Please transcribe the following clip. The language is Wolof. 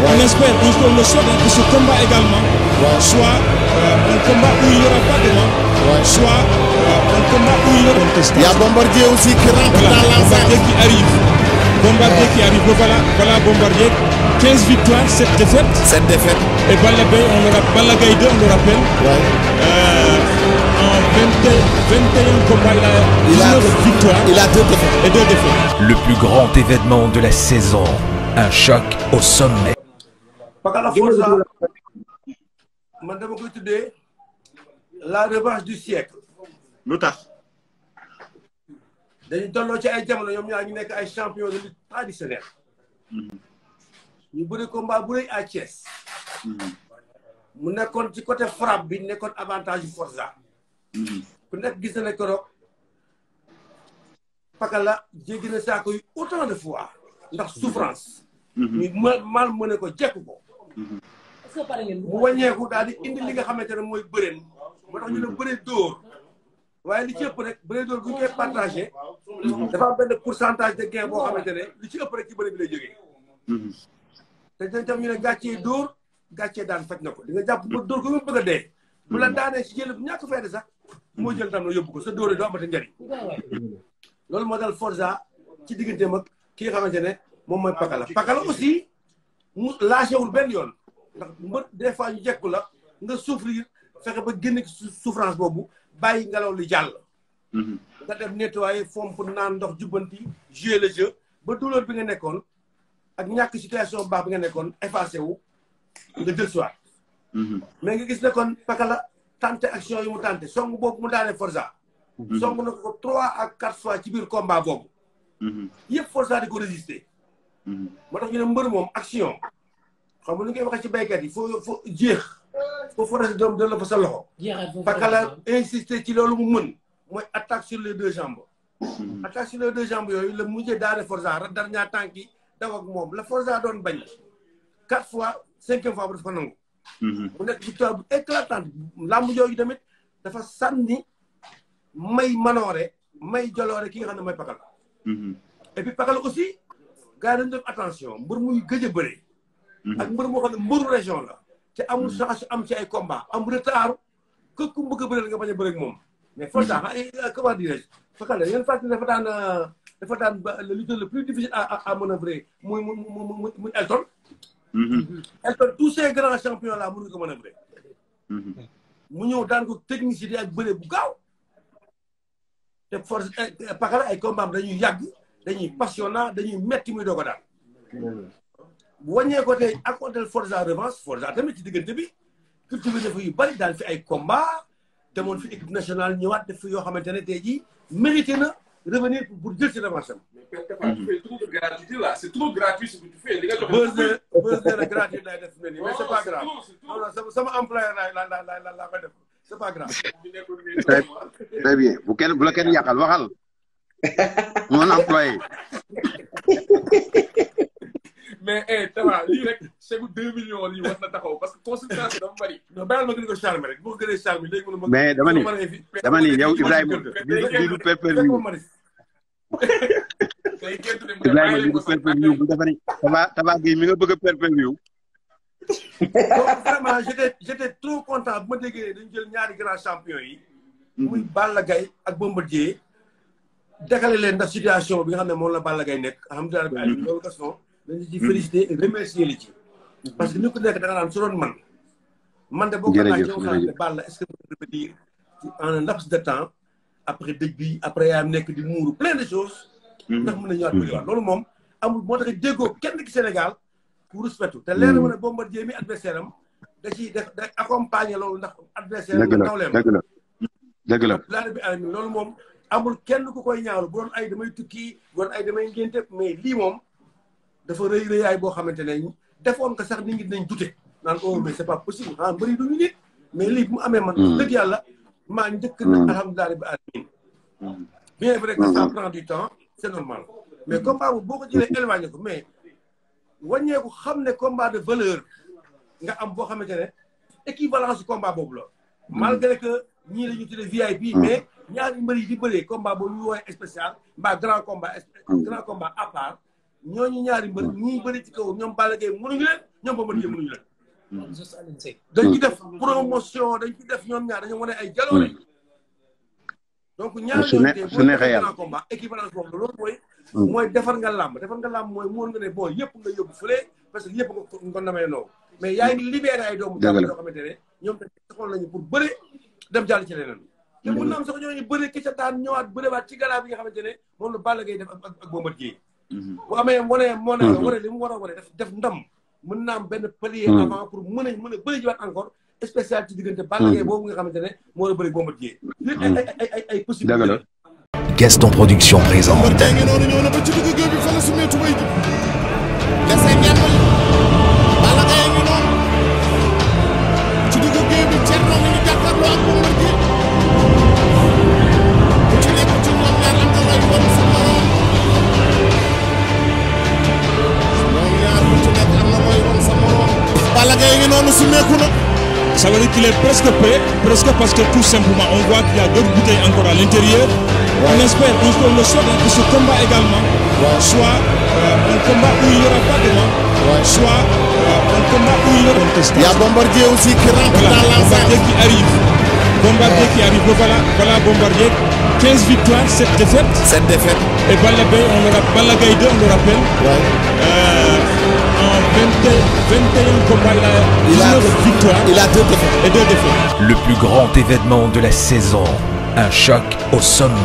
On espère un jour le souhait que ce combat également soit euh, un combat où il n'y aura pas de mort, soit euh, un combat où il y aura contestation. Il y a Bombardier aussi qui rentre voilà, dans l'enceinte. qui arrive. Bombardier qui arrive. Voilà, voilà Bombardier. 15 victoires, 7 défaites. 7 défaites. Et Balagaï, on le rappelle, Balagaï 2, on le rappelle. Ouais. Euh, en 21 combats, il a 19 victoires. Il a 2 défaites. Et 2 défaites. Le plus grand événement de la saison. Un choc au sommet. Pakala Forza man dama koy tuddee la revanche du siècle. lu tax. dañu tolloo ci ay jamono ñoom ñaar ñu nekk ay champion de lutte traditionnelle. Mm-hmm. ñu bëri combat bu rëy à Thiès. Mm-hmm. mu nekkoon ci côté frappe bi nekkoon avantage Forza. Mm-hmm. ku nekk gis na ne keroog Pakala jéggi na saako yu autant de fois. ndax souffrance. ñu mal mal mëne ko jekk ko. est-ce que pare ngeen mu wàññeeku daal di indi li nga xamante ne mooy bëreen moo tax ñu ne bëre dóor waaye li ci ëpp rek bëre dóor bu ñu koy partagé dafa am benn pour centage de gain boo xamante ne li ci ëpp rek ci bëre bi lay jógee te dañ tam ñu ne gàccee dóor gàccee daan faj na ko di nga jàpp ba dóor ko mu bëgg a dee bu la daanee si jël bu ñàkk fayda sax moo jël tam la yóbbu ko sa dóore doo amata njariñ loolu moo dal Forza ci digganteem ak ki nga xamante ne moom mooy Pakala Pakala aussi mu lâchewul benn yoon ndax mbër des fois ñu jekku la nga souffrir fexe ba génne souffrance boobu bàyyi ngelaw li jàll. Mhm. nga def nettoyer fomp naan ndox jubbanti jouer le jeu ba douleur bi nga nekkoon ak ñàkk situation baax bi nga nekkoon effacé wu nga jël soir mhm. mais nga gis ne kon pakala tante action yi mu tante song boobu mu daanee Forza. Mhm. song na ko trois ak quatre fois ci biir combat boobu. yëpp Forza di ko résister. moo tax ñu ne mbër moom action xam nga li ngay waxee ci béykat yi foo foo jeex. foo forage doom dana la fa sa loxo. Pakala insister ci loolu mu mën mooy attaque sur le deux jambes. attaque sur les deux jambes yooyu la mujjee daane Forza radar ñaar tànk yi daw ak moom la Forza doon bañ. quatre fois cinquième fois bu dafa nangu. Mhm. mu nekk victoire bu éclatante tamit dafa sànni may manoore may joloore ki nga xam ne mooy Pakala. Mhm. et puis Pakala aussi gars yi dañu def attention mbër muy gëj ak mhm. mbër moo xam ne mbëru la te amul mhm. chance am ci ay combat am retard que ku bëgg a bëri nga bañ a bëri ak moom mais mhm. Forza euh, comment dirais-je Fakala dafa daan euh, dafa daan le lutteur le plus difficile à à manœuvrer muy muy muy muy Elton Elton tous ces grands champions là mënuñu mu ñëw daan ko technicité ak bëre bu gaaw te Forza eh, eh, Pakala ay combat dañuy yàgg dañuy passionnant dañuy metti muy doog a bu wàññee ko tey accordé Forza revanche Forza tamit ci diggante bi cultivé dafa bari daal fi ay combat demoon fi équipe nationale ñëwaat def fi yoo xamante ne tey jii mérité na revenir pour jël ci revanche am. mais Père de gratuité là c'est trop gratuit ce que la gratuite lay def mais pas grave non ah. bien bu kenn bu la kenn yàqal waxal. mon employé. mais eh Tapha lii rek chèque bu deux millions lii war na taxaw parce que consultation dafa bari. non bàyyil ma gën boo gënee charmer léegi mën na ma. mais dama ni dama ni yow Ibrahima lii du pay mi nga bëgg a pay-per-view. donc vraiment j'étais j'étais trop content bu ma déggee dañu jël ñaari grands champions yi. muy Balla Gaye ak Bombardier. dakale leen ndax situation bi nga xam ne moom la Balla Gaye nekk alhamdulilah loolu gaston dañu ci félicité et parce que ni ku nekk da nga man. man de boo ko laajee ci waxtaan bi Balla est-ce que mën nga revenir en un laps de temps après dëj bi après yaa nekk di muuru plein de choses. Hmm. Hmm. loolu moom. amul moo tax déggoo kenn ki Sénégal pour respectu te hmm. leer na ma ne Bombardier mi adversaire am da ciy def da accompagner loolu ndax adversaire am taw leen dëgg la dëgg la laa bi alamin loolu moom amul kenn ku koy ñaawlu bu doon ay damay tukki bu doon ay damay ngénte mais lii moom dafa rëy rëyaay boo xamante ne defoon ko sax nit nañ dinañ dute naan oh mais c'est pas possible ah mbëri du ñu nit mais lii bu mu amee man dëgg yàlla maa njëkk na hmm. alhamdulilah rabbi alamin hmm. bien vrai que ça hmm. prend du temps c'est normal mais combat bu boo ko jëlee éloigné ko mais wàññeeku xam ne combat de valeur nga am boo xamante ne équivalence combat boobu la malgré que ñii la ñu tuddee VIP mais ñaar mbër yi di bëree combat boobu ñu woowee spécial mbaa grand combat à part ñooñu ñaari mbër ñii bëri ci kaw ñoom Balla Gaye mënuñu leen ñoom ba mën jee mënuñu leen mm. mm. dañ ci def promotion ñaar dañoo wane ay jaloore mm. donc ñaar ñooñu combat équivalence boobu loolu mooy mooy defar nga làmb defar nga làmb mooy moon nga yëpp nga yóbbu fële parce que yëpp nga ko namee noo mais doomu jàmm yoo xamante ne ñoom tamit taxoon nañu pour bëre dem jàll ci leneen te mën na am sax ñooñu bëre ki ca daan ñëwaat waat ci garab yi nga xamante ne moom la Balla Gaye def ak ak Bombardier Mm-hmm. bu amee wane wane wane li mu war a wane def def ndam mën naa am benn palier mm-hmm. avant pour mën a mën a bëri jiwaat encore spécial ci diggante Balla Gaye mm-hmm. boobu nga xamante ne moo la bëri Bombardier lépp ay ay ay ay possibilité Gaston Production présente noonu sumeeku na ça veut presque presque parce que tout simplement on voit qu'il y a d'autres l'intérieur on espère on peut le souhaite que ce également soit euh, un combat où il n'y aura pas de mort soit euh, un combat où il y euh, Bombardier aussi qui Bombardier qui arrive Bombardier qui arrive voilà voilà Bombardier 15 victoires 7 défaites 7 défaites et Balla Gaye on 21 combats, Le plus grand événement de la saison. Un choc au sommet.